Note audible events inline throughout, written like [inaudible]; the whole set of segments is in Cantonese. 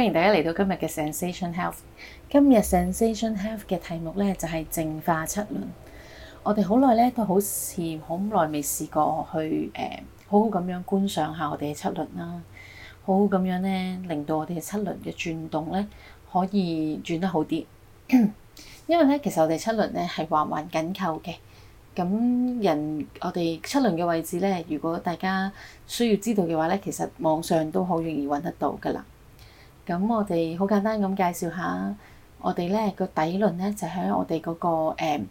歡迎大家嚟到今日嘅 Sensation Health。今日 Sensation Health 嘅題目呢，就係、是、淨化七輪。我哋好耐呢，都好似好耐未試過去誒、呃，好好咁樣觀賞下我哋嘅七輪啦，好好咁樣咧，令到我哋嘅七輪嘅轉動呢，可以轉得好啲。 [coughs] 因為呢，其實我哋七輪呢係環環緊扣嘅。咁人我哋七輪嘅位置呢，如果大家需要知道嘅話呢，其實網上都好容易揾得到噶啦。咁我哋好簡單咁介紹下，我哋咧、呢個底輪咧就喺我哋嗰個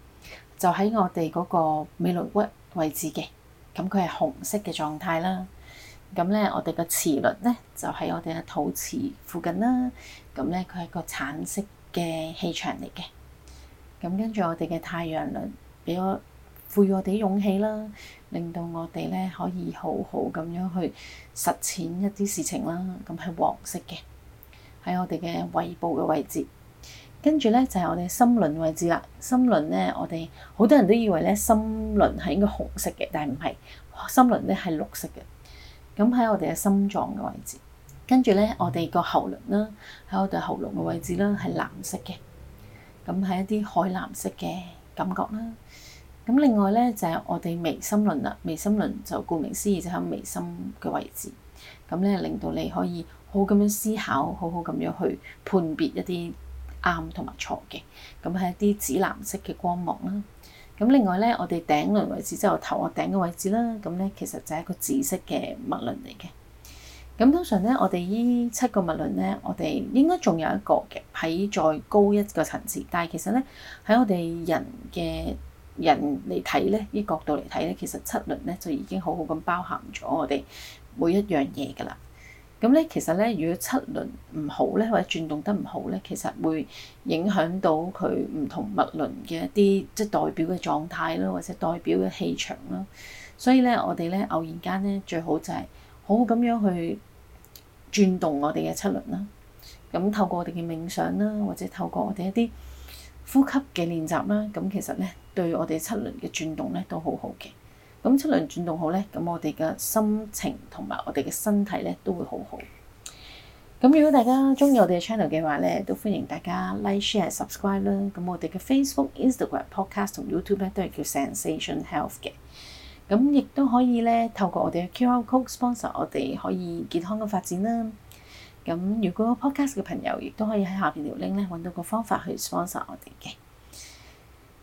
就喺我哋嗰個尾龍骨位置嘅。咁佢係紅色嘅狀態啦。咁咧，我哋嘅臍輪咧就喺我哋嘅肚臍附近啦。咁咧，佢係個橙色嘅氣場嚟嘅。咁跟住我哋嘅太陽輪，俾我賦予我哋勇氣啦，令到我哋咧可以好好咁樣去實踐一啲事情啦。咁係黃色嘅。喺我哋嘅胃部嘅位置，跟住呢就係我哋心輪位置啦。心輪呢，我哋好多人都以為呢心輪係應該紅色嘅，但係唔係，心輪呢係綠色嘅。咁喺我哋嘅心臟嘅位置，跟住呢，我哋個喉輪啦，喺我哋喉嚨嘅位置啦係藍色嘅，咁係一啲海藍色嘅感覺啦。咁另外呢，就係我哋眉心輪啦，眉心輪就顧名思義就喺眉心嘅位置，咁呢，令到你可以。好咁樣思考，好好咁樣去判別一啲啱同埋錯嘅。咁係一啲紫藍色嘅光芒啦。咁另外咧，我哋頂輪位置即係我頭頂嘅位置啦。咁咧，其實就係一個紫色嘅物輪嚟嘅。咁通常咧，我哋依七個物輪咧，我哋應該仲有一個嘅喺再高一個層次。但係其實咧，喺我哋人嘅人嚟睇咧，呢角度嚟睇咧，其實七輪咧就已經好好咁包含咗我哋每一樣嘢噶啦。咁咧，其實咧，如果七輪唔好咧，或者轉動得唔好咧，其實會影響到佢唔同脈輪嘅一啲即係代表嘅狀態啦，或者代表嘅氣場啦。所以咧，我哋咧偶然間咧，最好就係好好咁樣去轉動我哋嘅七輪啦。咁透過我哋嘅冥想啦，或者透過我哋一啲呼吸嘅練習啦，咁其實咧，對我哋七輪嘅轉動咧，都好好嘅。咁七輪轉動好呢，咁我哋嘅心情同埋我哋嘅身體呢都會好好。咁如果大家中意我哋嘅 channel 嘅話呢，都歡迎大家 like、share、subscribe 啦。咁我哋嘅 Facebook、Instagram、Podcast 同 YouTube 呢都係叫 Zensation Health 嘅。咁亦都可以呢，透過我哋嘅 QR Code sponsor 我哋可以健康嘅發展啦。咁如果 Podcast 嘅朋友亦都可以喺下邊條 link 呢，揾到個方法去 sponsor 我哋嘅。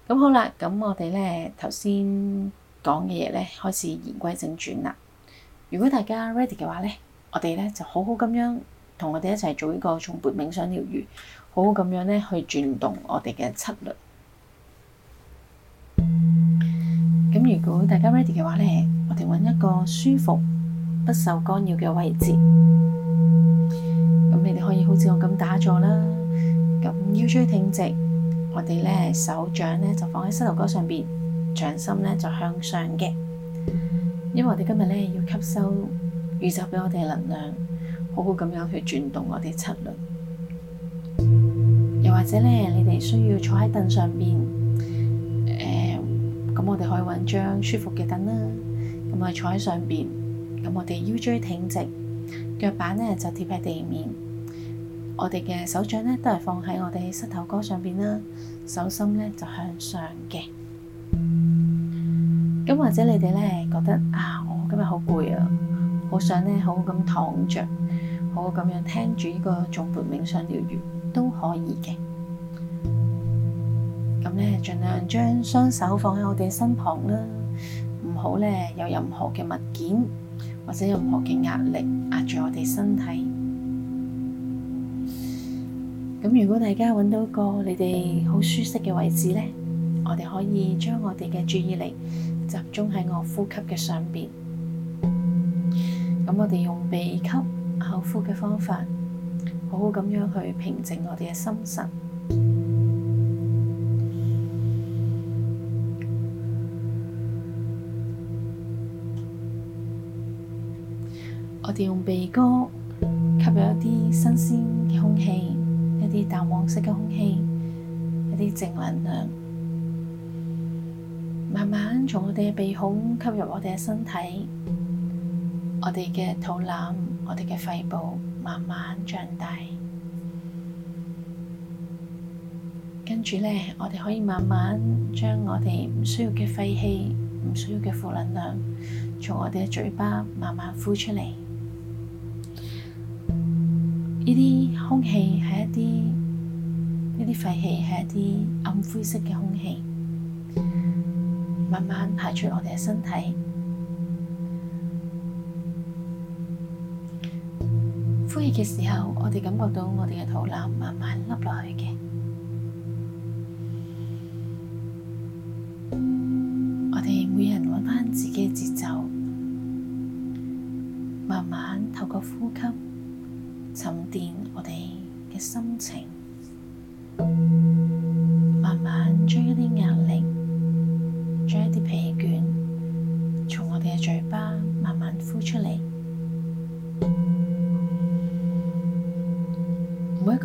咁好啦，咁我哋呢頭先，講嘅嘢咧，開始言歸正傳啦。如果大家 ready 嘅話咧，我哋咧就好好咁樣同我哋一齊做呢個頌缽冥想療癒，好好咁樣咧去轉動我哋嘅七輪。咁 [noise] 如果大家 ready 嘅話咧，我哋揾一個舒服、不受干擾嘅位置。咁你哋可以好似我咁打坐啦，咁腰椎挺直，我哋咧手掌咧就放喺膝頭哥上邊。掌心咧就向上嘅，因為我哋今日咧要吸收宇宙畀我哋能量，好好咁樣去轉動我哋七輪。又或者咧，你哋需要坐喺凳上邊，誒、呃，咁我哋可以搵張舒服嘅凳啦，咁啊坐喺上邊，咁我哋腰椎挺直，腳板咧就貼喺地面，我哋嘅手掌咧都係放喺我哋膝頭哥上邊啦，手心咧就向上嘅。咁或者你哋咧覺得啊，我今日好攰啊，好想咧好好咁躺着，好好咁樣聽住呢個頌缽冥想療愈都可以嘅。咁咧盡量將雙手放喺我哋身旁啦，唔好咧有任何嘅物件或者任何嘅壓力壓住我哋身體。咁如果大家揾到個你哋好舒適嘅位置咧，我哋可以將我哋嘅注意力，集中喺我呼吸嘅上邊，咁我哋用鼻吸、口呼嘅方法，好好咁樣去平靜我哋嘅心神。我哋用鼻哥吸入一啲新鮮嘅空氣，一啲淡黃色嘅空氣，一啲正能量。慢慢從我哋嘅鼻孔吸入我哋嘅身體，我哋嘅肚腩、我哋嘅肺部慢慢脹大，跟住咧，我哋可以慢慢將我哋唔需要嘅廢氣、唔需要嘅負能量，從我哋嘅嘴巴慢慢呼出嚟。呢啲空氣係一啲，呢啲廢氣係一啲暗灰色嘅空氣。慢慢排出我哋嘅身體，呼氣嘅時候，我哋感覺到我哋嘅肚腩慢慢凹落去嘅。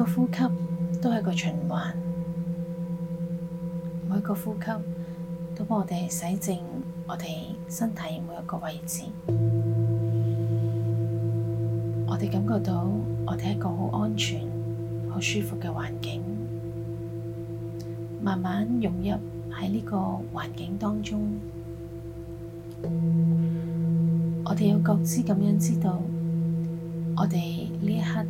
每個呼吸都係個循環，每個呼吸都幫我哋洗淨我哋身體每一個位置，我哋感覺到我哋係一個好安全、好舒服嘅環境，慢慢融入喺呢個環境當中，我哋要覺知咁樣知道，我哋呢一刻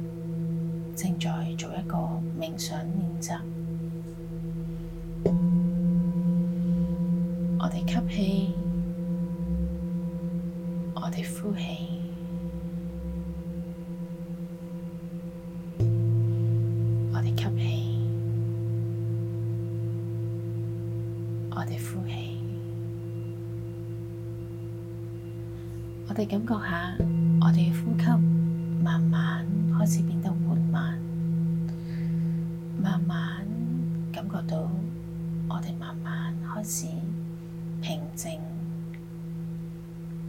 正在做一個冥想練習，我哋吸氣，我哋呼氣，我哋吸氣，我哋呼氣，我哋感覺下我哋嘅呼吸。慢慢開始變得緩慢，慢慢感覺到我哋慢慢開始平靜，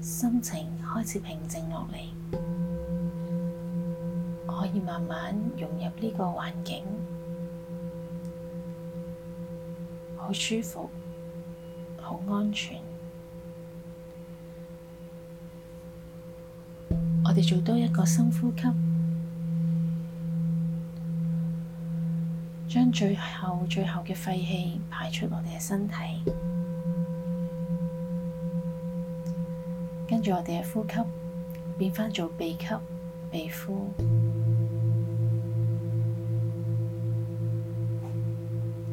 心情開始平靜落嚟，可以慢慢融入呢個環境，好舒服，好安全。我哋做多一個深呼吸，將最後最後嘅廢氣排出我哋嘅身體，跟住我哋嘅呼吸變翻做鼻吸鼻呼，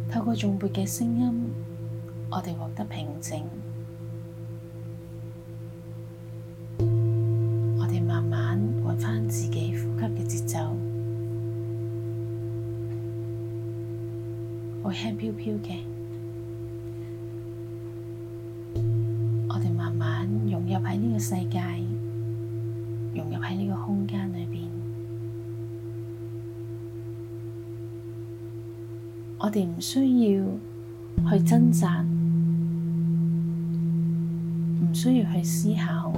透過頌缽嘅聲音，我哋獲得平靜。飄飄嘅，我哋慢慢融入喺呢個世界，融入喺呢個空間裏面。我哋唔需要去掙扎，唔需要去思考。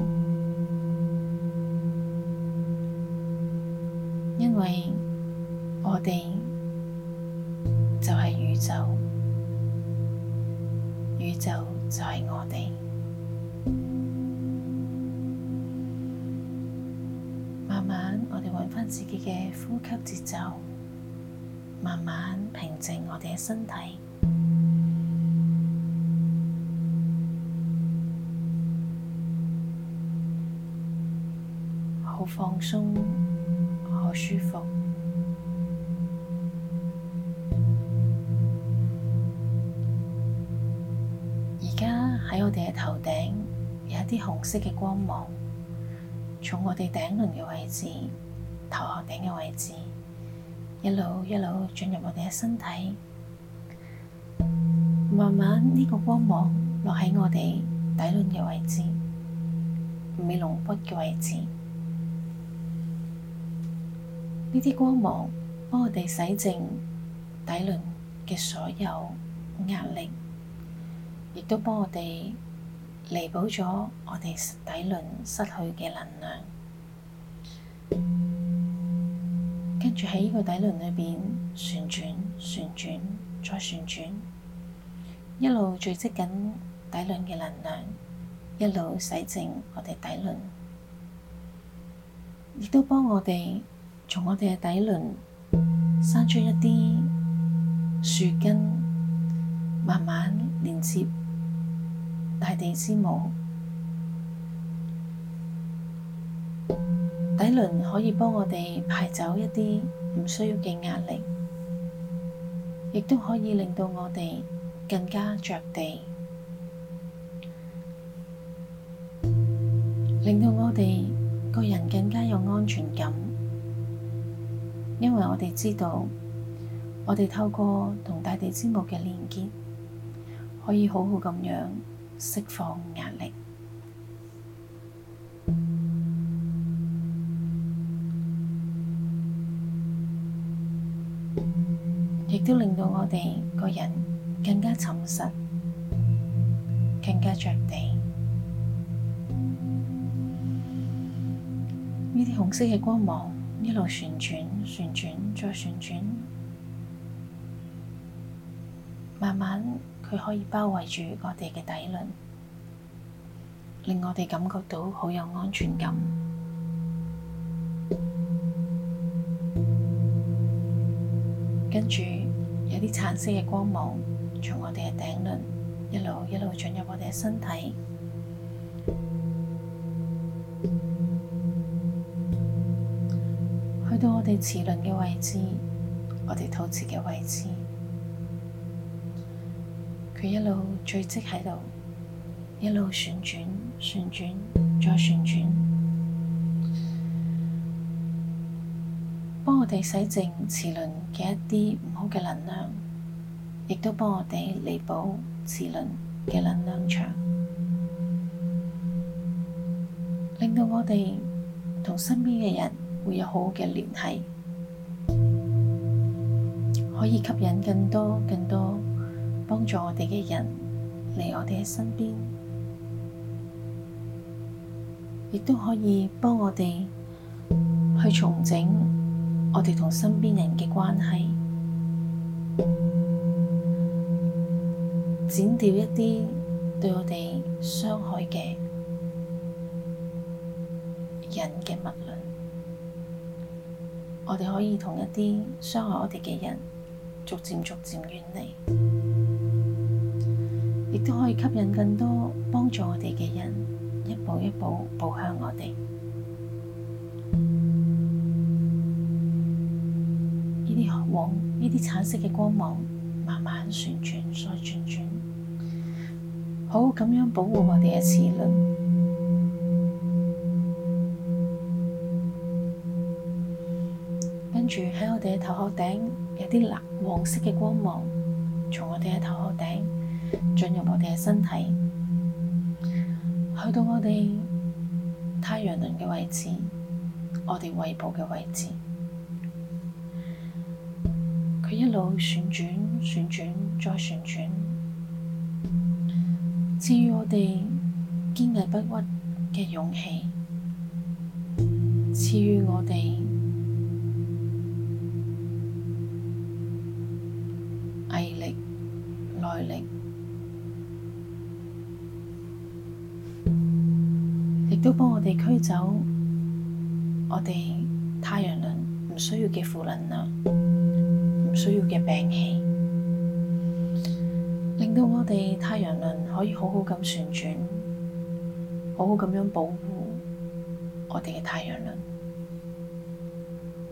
自己嘅呼吸節奏，慢慢平靜我哋嘅身體，好放鬆，好舒服。而家喺我哋嘅頭頂有一啲紅色嘅光芒，從我哋頂輪嘅位置，頭頂嘅位置，一路一路進入我哋嘅身體，慢慢呢個光芒落喺我哋底輪嘅位置，尾龍骨嘅位置，呢啲光芒幫我哋洗淨底輪嘅所有壓力，亦都幫我哋彌補咗我哋底輪失去嘅能量。住喺呢個底輪裏邊旋轉旋轉再旋轉，一路聚積緊底輪嘅能量，一路洗淨我哋底輪，亦都幫我哋從我哋嘅底輪生出一啲樹根，慢慢連接大地之母。底輪可以幫我哋排走一啲唔需要嘅壓力，亦都可以令到我哋更加着地，令到我哋個人更加有安全感。因為我哋知道，我哋透過同大地之母嘅連結，可以好好咁樣釋放壓力。亦都令到我哋個人更加沉實，更加着地。呢啲紅色嘅光芒一路旋轉、旋轉、再旋轉，慢慢佢可以包圍住我哋嘅底輪，令我哋感覺到好有安全感。跟住。啲橙色嘅光芒從我哋嘅頂輪一路一路進入我哋嘅身體， [noise] 去到我哋臍輪嘅位置，我哋肚臍嘅位置，佢一路聚集喺度，一路旋轉旋轉再旋轉。幫我哋洗淨臍輪嘅一啲唔好嘅能量，亦都幫我哋彌補臍輪嘅能量場，令到我哋同身邊嘅人會有好好嘅聯繫，可以吸引更多更多幫助我哋嘅人嚟我哋嘅身邊，亦都可以幫我哋去重整。我哋同身邊人嘅關係，剪掉一啲對我哋傷害嘅人嘅物論，我哋可以同一啲傷害我哋嘅人，逐漸逐漸遠離，亦都可以吸引更多幫助我哋嘅人，一步一步步向我哋。往呢啲橙色嘅光芒，慢慢旋轉再轉轉，好咁樣保護我哋嘅臍輪。跟住喺我哋嘅頭殼頂有啲藍黃色嘅光芒，從我哋嘅頭殼頂進入我哋嘅身體，去到我哋太陽輪嘅位置，我哋胃部嘅位置。佢一路旋轉，旋轉，再旋轉。賜予我哋堅毅不屈嘅勇氣，賜予我哋毅力、耐力，亦都幫我哋驅走我哋太陽輪唔需要嘅負能量。需要嘅病氣，令到我哋太陽輪可以好好咁旋轉，好好咁樣保護我哋嘅太陽輪。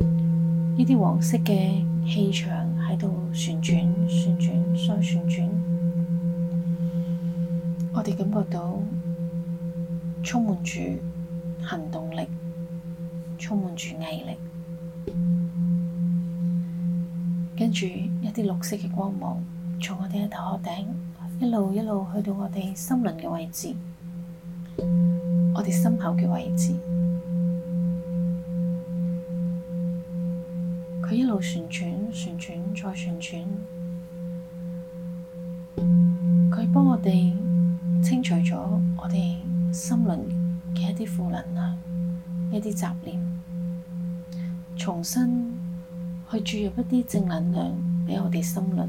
呢啲黃色嘅氣場喺度旋轉、旋轉、再旋轉，我哋感覺到充滿住行動力，充滿住毅力。跟住一啲綠色嘅光芒，從我哋嘅頭殼頂一路一路去到我哋心輪嘅位置，我哋心口嘅位置。佢一路旋轉、旋轉、再旋轉，佢幫我哋清除咗我哋心輪嘅一啲負能量、一啲雜念，重新。去注入一啲正能量畀我哋心輪，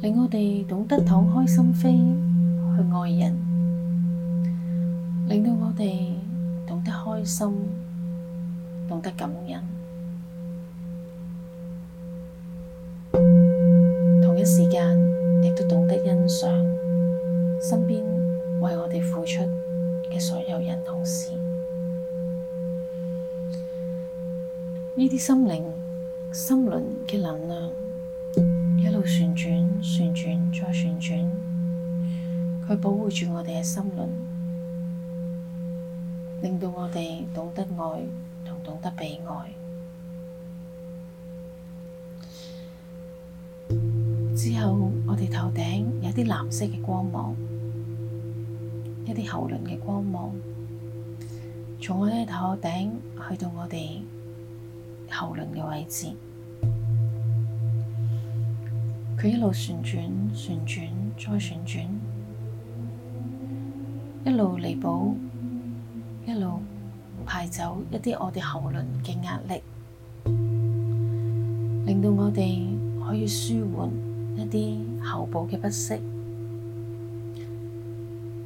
令我哋懂得敞開心扉去愛人，令到我哋懂得開心，懂得感恩。同一時間亦都懂得欣賞身邊為我哋付出嘅所有人同事。呢啲心靈心輪嘅能量一路旋轉、旋轉再旋轉，佢保護住我哋嘅心輪，令到我哋懂得愛同懂得被愛。之後，我哋頭頂有啲藍色嘅光芒，一啲喉輪嘅光芒，從我哋頭頂去到我哋。喉輪嘅位置，佢一路旋轉、旋轉再旋轉，一路彌補，一路排走一啲我哋喉輪嘅壓力，令到我哋可以舒緩一啲喉部嘅不適，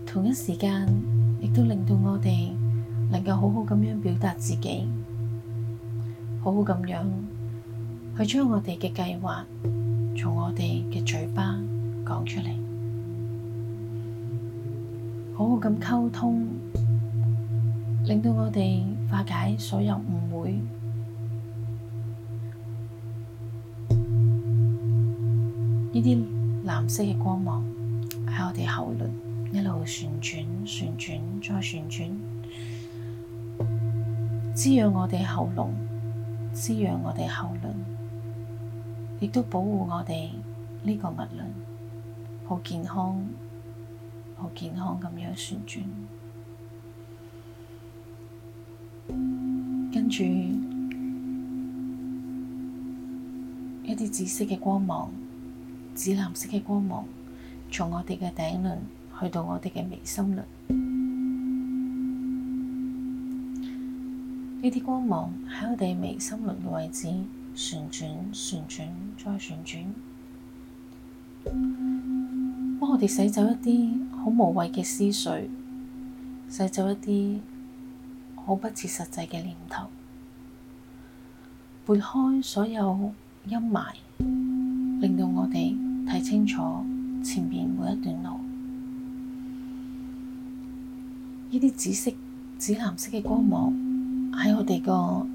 同一時間亦都令到我哋能夠好好咁樣表達自己。好好咁樣去將我哋嘅計劃從我哋嘅嘴巴講出嚟，好好咁溝通，令到我哋化解所有誤會。呢啲藍色嘅光芒喺我哋喉嚨一路旋轉、旋轉、再旋轉，滋養我哋喉嚨。滋養我哋喉輪，亦都保護我哋呢個脈輪好健康，好健康咁樣旋轉。跟住一啲紫色嘅光芒、紫藍色嘅光芒，從我哋嘅頂輪去到我哋嘅眉心輪。呢啲光芒喺我哋眉心輪嘅位置，旋轉、旋轉、再旋轉，幫我哋洗走一啲好無謂嘅思緒，洗走一啲好不切實際嘅念頭，撥開所有陰霾，令到我哋睇清楚前面每一段路。呢啲紫色、紫藍色嘅光芒。喺我哋個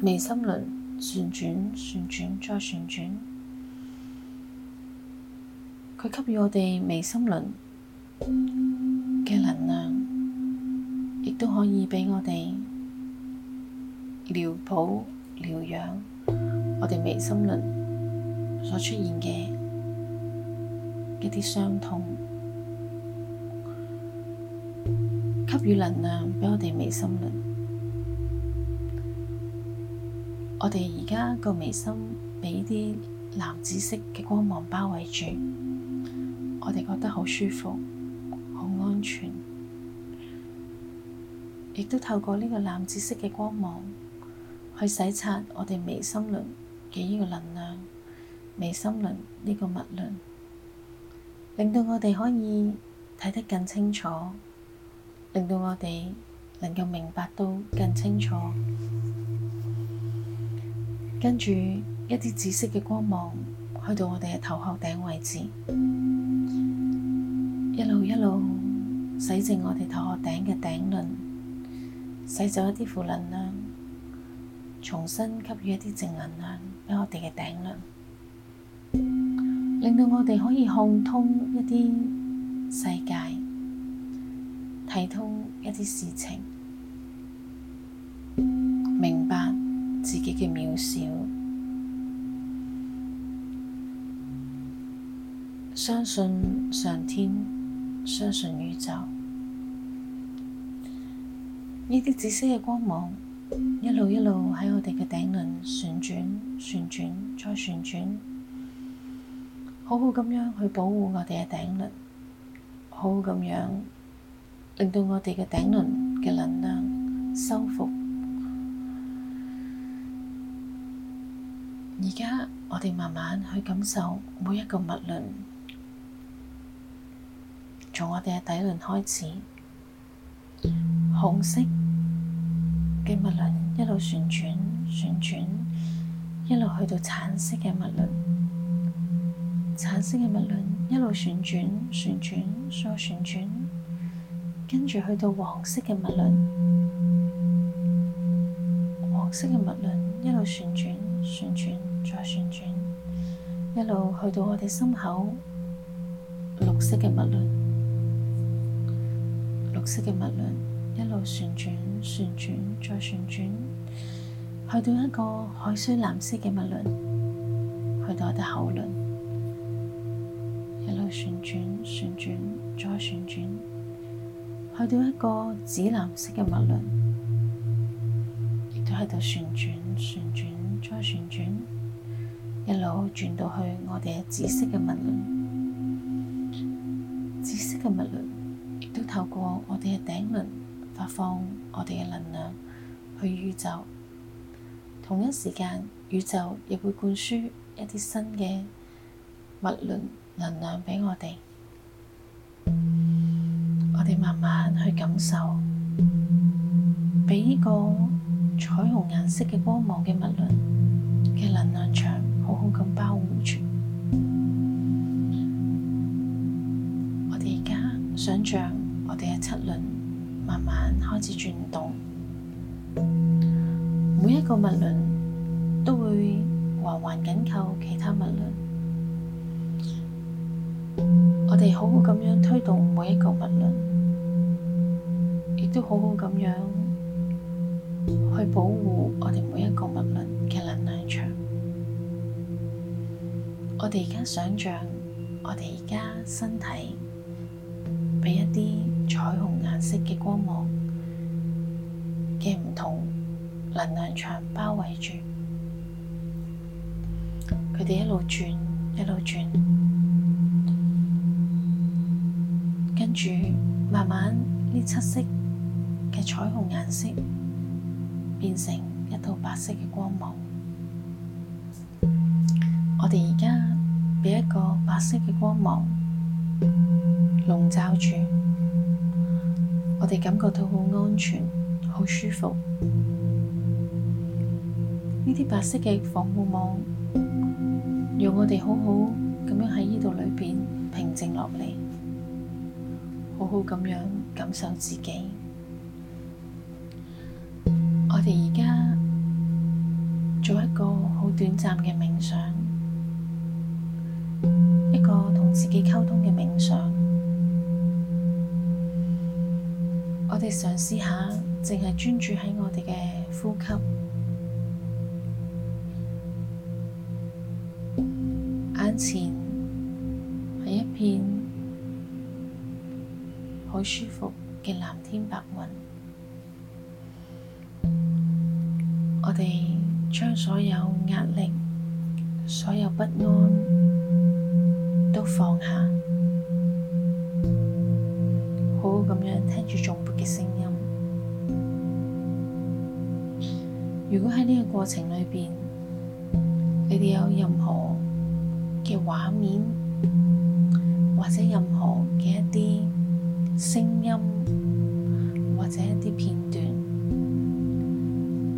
眉心輪旋轉、旋轉、再旋轉，佢給予我哋眉心輪嘅能量，亦都可以畀我哋療保療養我哋眉心輪所出現嘅一啲傷痛，給予能量畀我哋眉心輪。我哋而家個眉心畀啲藍紫色嘅光芒包圍住，我哋覺得好舒服、好安全，亦都透過呢個藍紫色嘅光芒去洗刷我哋眉心輪嘅呢個能量，眉心輪呢個物輪，令到我哋可以睇得更清楚，令到我哋能夠明白到更清楚。跟住一啲紫色嘅光芒去到我哋嘅頭殼頂位置，一路一路洗淨我哋頭殼頂嘅頂輪，洗走一啲負能量，重新給予一啲正能量畀我哋嘅頂輪，令到我哋可以看通一啲世界，睇通一啲事情，明白自己嘅渺小。相信上天，相信宇宙，呢啲紫色嘅光芒一路一路喺我哋嘅頂輪旋轉、旋轉、再旋轉，好好咁樣去保護我哋嘅頂輪，好好咁樣令到我哋嘅頂輪嘅能量修復。而家我哋慢慢去感受每一個物輪。從我哋嘅底輪開始，紅色嘅物輪一路旋轉旋轉，一路去到橙色嘅物輪，橙色嘅物輪一路旋轉旋轉再旋轉，跟住去到黃色嘅物輪，黃色嘅物輪一路旋轉旋轉再旋轉，一路去到我哋心口綠色嘅物輪。綠色嘅物輪一路旋轉，旋轉再旋轉，去到一個海水藍色嘅物輪，去到我哋嘅喉輪，一路旋轉，旋轉再旋轉，去到一個紫藍色嘅物輪，亦都喺度旋轉，旋轉再旋轉，一路轉到去我哋嘅紫色嘅物輪，紫色嘅物輪。透過我哋嘅頂輪發放我哋嘅能量去宇宙，同一時間宇宙亦會灌輸一啲新嘅物輪能量畀我哋，我哋慢慢去感受，畀呢個彩虹顏色嘅光芒嘅物輪嘅能量場好好咁包圍住，我哋而家想象。我哋嘅七輪慢慢開始轉動，每一個物輪都會環環緊扣其他物輪。我哋好好咁樣推動每一個物輪，亦都好好咁樣去保護我哋每一個物輪嘅能量場。我哋而家想象，我哋而家身體畀一啲。彩虹顏色嘅光芒嘅唔同能量場包圍住佢哋，一路轉，一路轉，跟住慢慢呢七色嘅彩虹顏色變成一道白色嘅光芒。我哋而家畀一個白色嘅光芒籠罩住。我哋感覺到好安全，好舒服。呢啲白色嘅防護網，讓我哋好好咁樣喺呢度裏邊平靜落嚟，好好咁樣感受自己。我哋而家做一個好短暫嘅冥想，一個同自己溝通嘅冥想。我哋嘗試下，淨係專注喺我哋嘅呼吸，眼前係一片好舒服嘅藍天白雲，我哋將所有壓力、所有不安都放下。咁樣聽住頌缽嘅聲音，如果喺呢個過程裏邊，你哋有任何嘅畫面或者任何嘅一啲聲音或者一啲片段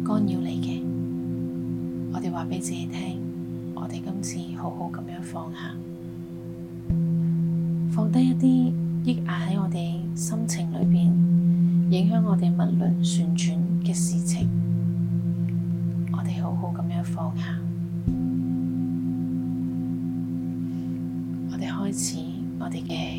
干擾你嘅，我哋話畀自己聽，我哋今次好好咁樣放下，放低一啲抑壓喺我哋。心情裏邊影響我哋脈輪旋轉嘅事情，我哋好好咁樣放下，我哋開始我哋嘅。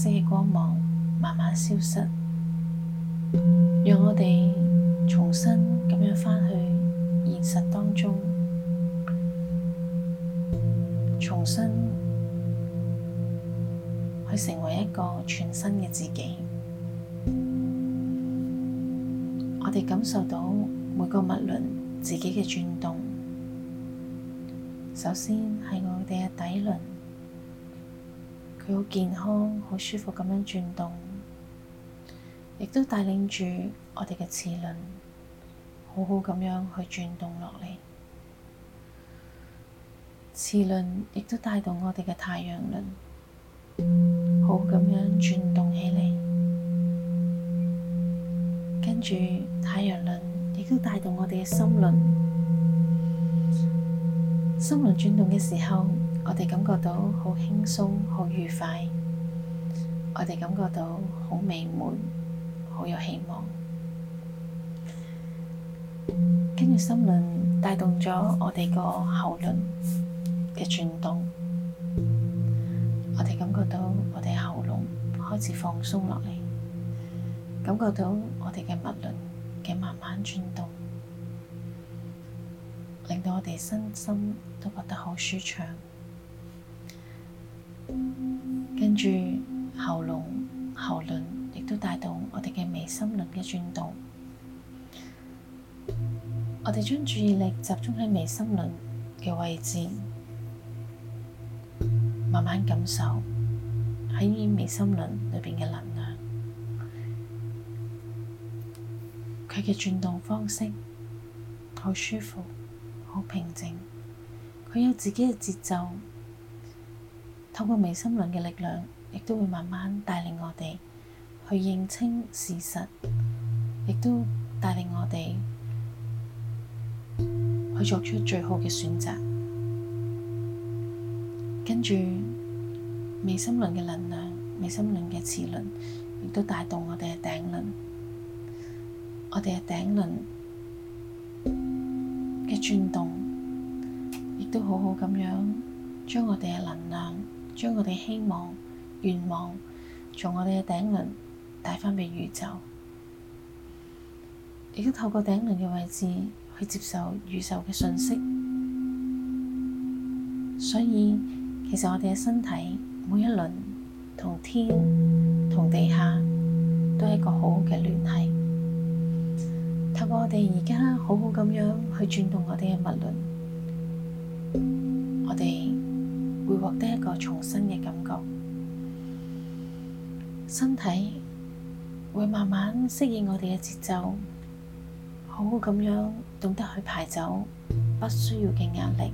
些光芒慢慢消失，讓我哋重新咁樣返去現實當中，重新去成為一個全新嘅自己。我哋感受到每個物輪自己嘅轉動，首先係我哋嘅底輪。佢好健康，好舒服咁樣轉動，亦都帶領住我哋嘅臍輪，好好咁樣去轉動落嚟。臍輪亦都帶動我哋嘅太陽輪，好咁樣轉動起嚟。跟住太陽輪亦都帶動我哋嘅心輪，心輪轉動嘅時候。我哋感覺到好輕鬆，好愉快。我哋感覺到好美滿，好有希望。跟住心輪帶動咗我哋個喉輪嘅轉動，我哋感覺到我哋喉嚨開始放鬆落嚟，感覺到我哋嘅脈輪嘅慢慢轉動，令到我哋身心都覺得好舒暢。跟住喉嚨、喉輪亦都帶動我哋嘅眉心輪嘅轉動。我哋將注意力集中喺眉心輪嘅位置，慢慢感受喺眉心輪裏邊嘅能量，佢嘅轉動方式好舒服、好平靜，佢有自己嘅節奏。透過眉心輪嘅力量，亦都會慢慢帶領我哋去認清事實，亦都帶領我哋去做出最好嘅選擇。跟住，眉心輪嘅能量，眉心輪嘅齒輪，亦都帶動我哋嘅頂輪。我哋嘅頂輪嘅轉動，亦都好好咁樣將我哋嘅能量。將我哋希望、願望，從我哋嘅頂輪帶翻畀宇宙，亦都透過頂輪嘅位置去接受宇宙嘅信息。所以，其實我哋嘅身體每一個輪，同天、同地下，都係一個好好嘅聯繫。透過我哋而家好好咁樣去轉動我哋嘅物輪。獲得一個重新嘅感覺，身體會慢慢適應我哋嘅節奏，好好咁樣懂得去排走不需要嘅壓力，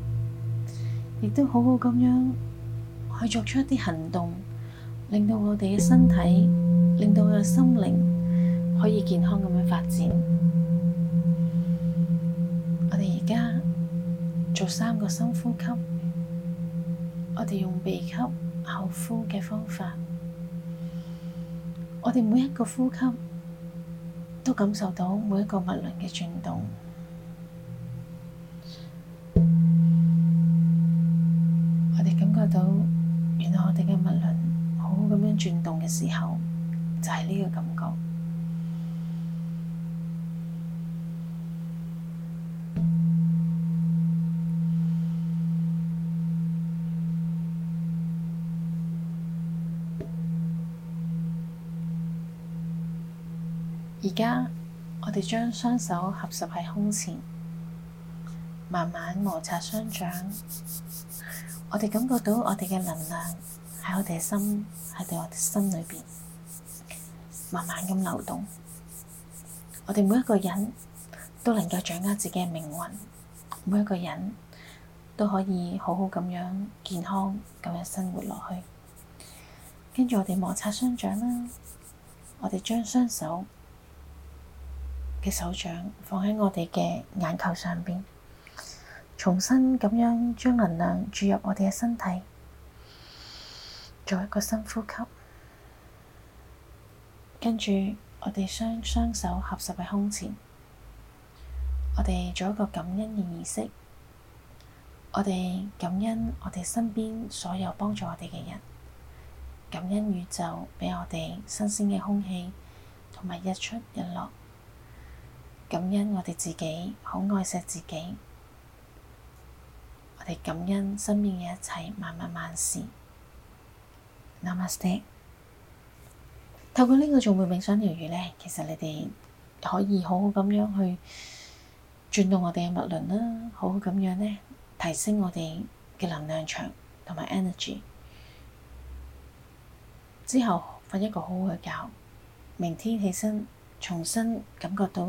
亦都好好咁樣去作出一啲行動，令到我哋嘅身體，令到我嘅心靈可以健康咁樣發展。我哋而家做三個深呼吸。我哋用鼻吸口呼嘅方法，我哋每一個呼吸都感受到每一個脈輪嘅轉動。我哋感覺到，原來我哋嘅脈輪好好咁樣轉動嘅時候，就係呢個感覺。而家我哋將雙手合十喺胸前，慢慢摩擦雙掌。我哋感覺到我哋嘅能量喺我哋心喺我哋心裏邊，慢慢咁流動。我哋每一個人都能夠掌握自己嘅命運，每一個人都可以好好咁樣健康咁樣生活落去。跟住我哋摩擦雙掌啦，我哋將雙手嘅手掌放喺我哋嘅眼球上邊，重新咁樣將能量注入我哋嘅身體，做一個深呼吸，跟住我哋雙雙手合十喺胸前，我哋做一個感恩嘅儀式，我哋感恩我哋身邊所有幫助我哋嘅人，感恩宇宙畀我哋新鮮嘅空氣同埋日出日落。感恩我哋自己，好愛錫自己。我哋感恩身邊嘅一切，萬萬萬事。Namaste。透過呢個頌缽冥想療癒咧，其實你哋可以好好咁樣去轉動我哋嘅脈輪啦，好好咁樣咧提升我哋嘅能量場同埋 energy。之後瞓一個好好嘅覺，明天起身重新感覺到。